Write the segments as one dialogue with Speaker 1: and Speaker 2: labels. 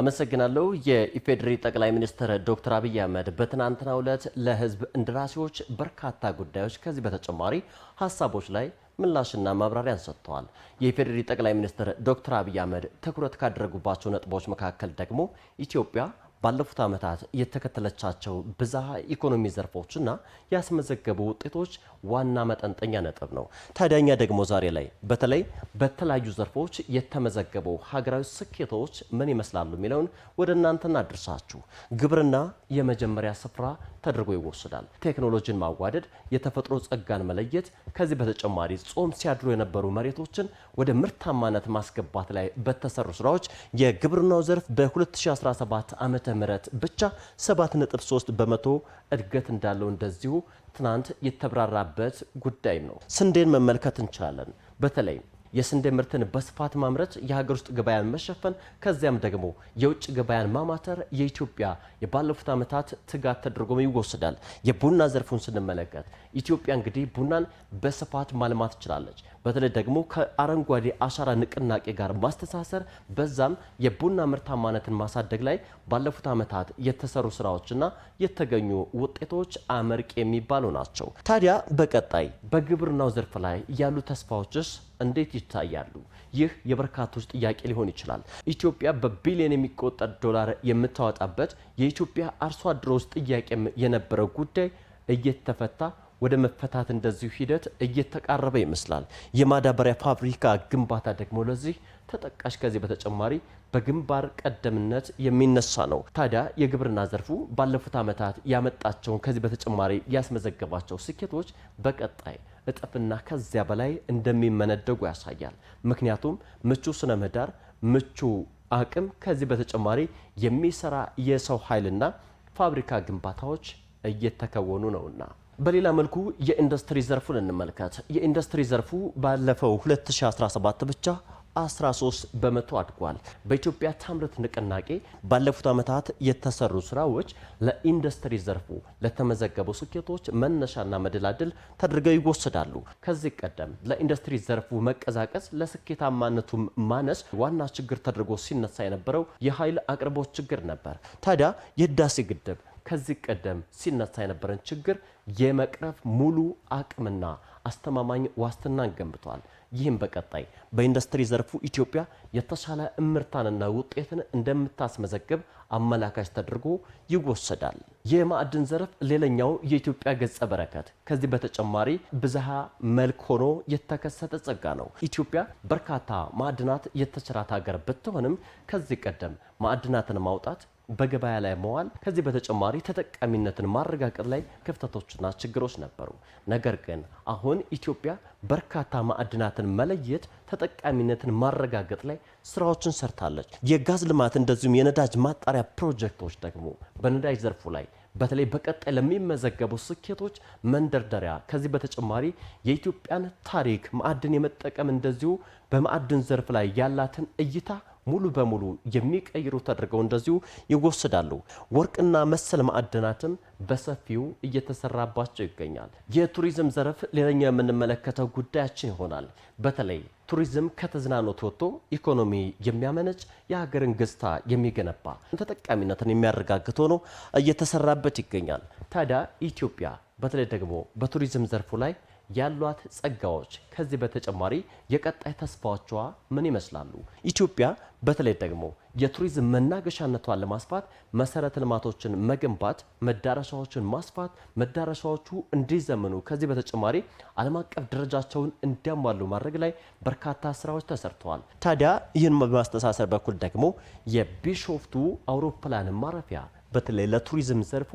Speaker 1: አመሰግናለሁ። የኢፌዴሪ ጠቅላይ ሚኒስትር ዶክተር አብይ አህመድ በትናንትናው ዕለት ለህዝብ እንደራሴዎች በርካታ ጉዳዮች ከዚህ በተጨማሪ ሀሳቦች ላይ ምላሽና ማብራሪያን ሰጥተዋል። የኢፌዴሪ ጠቅላይ ሚኒስትር ዶክተር አብይ አህመድ ትኩረት ካደረጉባቸው ነጥቦች መካከል ደግሞ ኢትዮጵያ ባለፉት ዓመታት የተከተለቻቸው ብዝሃ ኢኮኖሚ ዘርፎችና ያስመዘገቡ ውጤቶች ዋና መጠንጠኛ ነጥብ ነው። ታዲያኛ ደግሞ ዛሬ ላይ በተለይ በተለያዩ ዘርፎች የተመዘገቡ ሀገራዊ ስኬቶች ምን ይመስላሉ የሚለውን ወደ እናንተና ድርሳችሁ። ግብርና የመጀመሪያ ስፍራ ተደርጎ ይወስዳል። ቴክኖሎጂን ማዋደድ፣ የተፈጥሮ ጸጋን መለየት፣ ከዚህ በተጨማሪ ጾም ሲያድሩ የነበሩ መሬቶችን ወደ ምርታማነት ማስገባት ላይ በተሰሩ ስራዎች የግብርናው ዘርፍ በ2017 ዓመተ ምህረት ብቻ 7.3 በመቶ እድገት እንዳለው እንደዚሁ ትናንት የተብራራበት ጉዳይም ነው። ስንዴን መመልከት እንችላለን። በተለይም የስንዴ ምርትን በስፋት ማምረት፣ የሀገር ውስጥ ገበያን መሸፈን፣ ከዚያም ደግሞ የውጭ ገበያን ማማተር የኢትዮጵያ የባለፉት ዓመታት ትጋት ተደርጎም ይወሰዳል። የቡና ዘርፉን ስንመለከት ኢትዮጵያ እንግዲህ ቡናን በስፋት ማልማት ትችላለች። በተለይ ደግሞ ከአረንጓዴ አሻራ ንቅናቄ ጋር ማስተሳሰር በዛም የቡና ምርታማነትን ማሳደግ ላይ ባለፉት ዓመታት የተሰሩ ስራዎችና የተገኙ ውጤቶች አመርቂ የሚባሉ ናቸው። ታዲያ በቀጣይ በግብርናው ዘርፍ ላይ ያሉ ተስፋዎችስ እንዴት ይታያሉ? ይህ የበርካቶች ጥያቄ ሊሆን ይችላል። ኢትዮጵያ በቢሊዮን የሚቆጠር ዶላር የምታወጣበት የኢትዮጵያ አርሶ አደሮች ጥያቄም የነበረው ጉዳይ እየተፈታ ወደ መፈታት እንደዚሁ ሂደት እየተቃረበ ይመስላል። የማዳበሪያ ፋብሪካ ግንባታ ደግሞ ለዚህ ተጠቃሽ ከዚህ በተጨማሪ በግንባር ቀደምነት የሚነሳ ነው። ታዲያ የግብርና ዘርፉ ባለፉት ዓመታት ያመጣቸውን ከዚህ በተጨማሪ ያስመዘገባቸው ስኬቶች በቀጣይ እጥፍና ከዚያ በላይ እንደሚመነደጉ ያሳያል። ምክንያቱም ምቹ ስነ ምህዳር፣ ምቹ አቅም፣ ከዚህ በተጨማሪ የሚሰራ የሰው ኃይልና ፋብሪካ ግንባታዎች እየተከወኑ ነውና በሌላ መልኩ የኢንዱስትሪ ዘርፉን እንመልከት። የኢንዱስትሪ ዘርፉ ባለፈው 2017 ብቻ 13 በመቶ አድጓል። በኢትዮጵያ ታምርት ንቅናቄ ባለፉት ዓመታት የተሰሩ ስራዎች ለኢንዱስትሪ ዘርፉ ለተመዘገቡ ስኬቶች መነሻና መደላድል ተደርገው ይወሰዳሉ። ከዚህ ቀደም ለኢንዱስትሪ ዘርፉ መቀዛቀስ ለስኬታማነቱም ማነስ ዋና ችግር ተደርጎ ሲነሳ የነበረው የኃይል አቅርቦት ችግር ነበር። ታዲያ የህዳሴ ግድብ ከዚህ ቀደም ሲነሳ የነበረን ችግር የመቅረፍ ሙሉ አቅምና አስተማማኝ ዋስትናን ገንብቷል። ይህም በቀጣይ በኢንዱስትሪ ዘርፉ ኢትዮጵያ የተሻለ እምርታንና ውጤትን እንደምታስመዘግብ አመላካች ተደርጎ ይወሰዳል። የማዕድን ዘርፍ ሌላኛው የኢትዮጵያ ገጸ በረከት ከዚህ በተጨማሪ ብዝሃ መልክ ሆኖ የተከሰተ ጸጋ ነው። ኢትዮጵያ በርካታ ማዕድናት የተቸራት ሀገር ብትሆንም ከዚህ ቀደም ማዕድናትን ማውጣት በገበያ ላይ መዋል ከዚህ በተጨማሪ ተጠቃሚነትን ማረጋገጥ ላይ ክፍተቶችና ችግሮች ነበሩ። ነገር ግን አሁን ኢትዮጵያ በርካታ ማዕድናትን መለየት፣ ተጠቃሚነትን ማረጋገጥ ላይ ስራዎችን ሰርታለች። የጋዝ ልማት እንደዚሁም የነዳጅ ማጣሪያ ፕሮጀክቶች ደግሞ በነዳጅ ዘርፉ ላይ በተለይ በቀጣይ ለሚመዘገቡ ስኬቶች መንደርደሪያ፣ ከዚህ በተጨማሪ የኢትዮጵያን ታሪክ ማዕድን የመጠቀም እንደዚሁ በማዕድን ዘርፍ ላይ ያላትን እይታ ሙሉ በሙሉ የሚቀይሩ ተደርገው እንደዚሁ ይወሰዳሉ። ወርቅና መሰል ማዕድናትም በሰፊው እየተሰራባቸው ይገኛል። የቱሪዝም ዘርፍ ሌላኛው የምንመለከተው ጉዳያችን ይሆናል። በተለይ ቱሪዝም ከተዝናኖት ወጥቶ ኢኮኖሚ የሚያመነጭ የሀገርን ገጽታ የሚገነባ ተጠቃሚነትን የሚያረጋግጥ ሆኖ እየተሰራበት ይገኛል። ታዲያ ኢትዮጵያ በተለይ ደግሞ በቱሪዝም ዘርፉ ላይ ያሏት ጸጋዎች ከዚህ በተጨማሪ የቀጣይ ተስፋዎቿ ምን ይመስላሉ? ኢትዮጵያ በተለይ ደግሞ የቱሪዝም መናገሻነቷን ለማስፋት መሰረተ ልማቶችን መገንባት፣ መዳረሻዎችን ማስፋት፣ መዳረሻዎቹ እንዲዘምኑ ከዚህ በተጨማሪ ዓለም አቀፍ ደረጃቸውን እንዲያሟሉ ማድረግ ላይ በርካታ ስራዎች ተሰርተዋል። ታዲያ ይህን በማስተሳሰር በኩል ደግሞ የቢሾፍቱ አውሮፕላን ማረፊያ በተለይ ለቱሪዝም ዘርፉ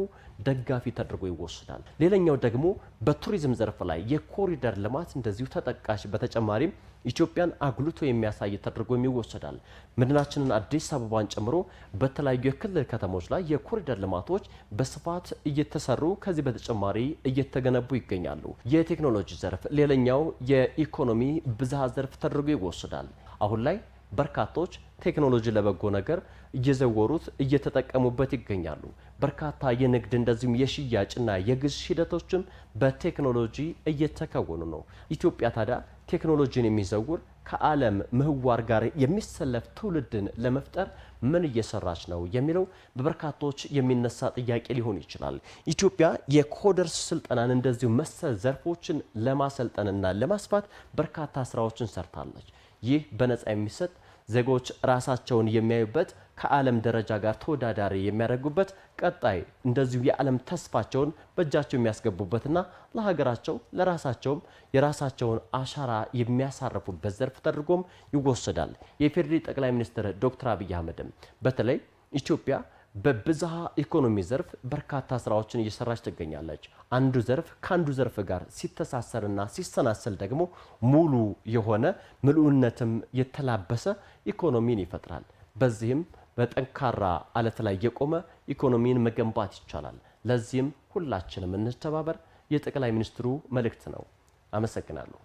Speaker 1: ደጋፊ ተደርጎ ይወሰዳል። ሌላኛው ደግሞ በቱሪዝም ዘርፍ ላይ የኮሪደር ልማት እንደዚሁ ተጠቃሽ በተጨማሪም ኢትዮጵያን አጉልቶ የሚያሳይ ተደርጎ ይወሰዳል። ምድናችንን አዲስ አበባን ጨምሮ በተለያዩ የክልል ከተሞች ላይ የኮሪደር ልማቶች በስፋት እየተሰሩ ከዚህ በተጨማሪ እየተገነቡ ይገኛሉ። የቴክኖሎጂ ዘርፍ ሌላኛው የኢኮኖሚ ብዝሃ ዘርፍ ተደርጎ ይወሰዳል። አሁን ላይ በርካቶች ቴክኖሎጂ ለበጎ ነገር እየዘወሩት እየተጠቀሙበት ይገኛሉ። በርካታ የንግድ እንደዚሁም የሽያጭና የግዥ ሂደቶችም በቴክኖሎጂ እየተከወኑ ነው። ኢትዮጵያ ታዲያ ቴክኖሎጂን የሚዘውር ከዓለም ምህዋር ጋር የሚሰለፍ ትውልድን ለመፍጠር ምን እየሰራች ነው የሚለው በበርካቶች የሚነሳ ጥያቄ ሊሆን ይችላል። ኢትዮጵያ የኮደርስ ስልጠናን እንደዚሁ መሰል ዘርፎችን ለማሰልጠንና ለማስፋት በርካታ ስራዎችን ሰርታለች። ይህ በነፃ የሚሰጥ ዜጎች ራሳቸውን የሚያዩበት ከዓለም ደረጃ ጋር ተወዳዳሪ የሚያደርጉበት ቀጣይ እንደዚሁ የዓለም ተስፋቸውን በእጃቸው የሚያስገቡበትና ለሀገራቸው ለራሳቸውም የራሳቸውን አሻራ የሚያሳርፉበት ዘርፍ ተደርጎም ይወሰዳል። የኢፌዴሪ ጠቅላይ ሚኒስትር ዶክተር አብይ አህመድም በተለይ ኢትዮጵያ በብዝሃ ኢኮኖሚ ዘርፍ በርካታ ስራዎችን እየሰራች ትገኛለች። አንዱ ዘርፍ ከአንዱ ዘርፍ ጋር ሲተሳሰርና ሲሰናሰል ደግሞ ሙሉ የሆነ ምልኡነትም የተላበሰ ኢኮኖሚን ይፈጥራል። በዚህም በጠንካራ አለት ላይ የቆመ ኢኮኖሚን መገንባት ይቻላል። ለዚህም ሁላችንም እንተባበር፣ የጠቅላይ ሚኒስትሩ መልእክት ነው። አመሰግናለሁ።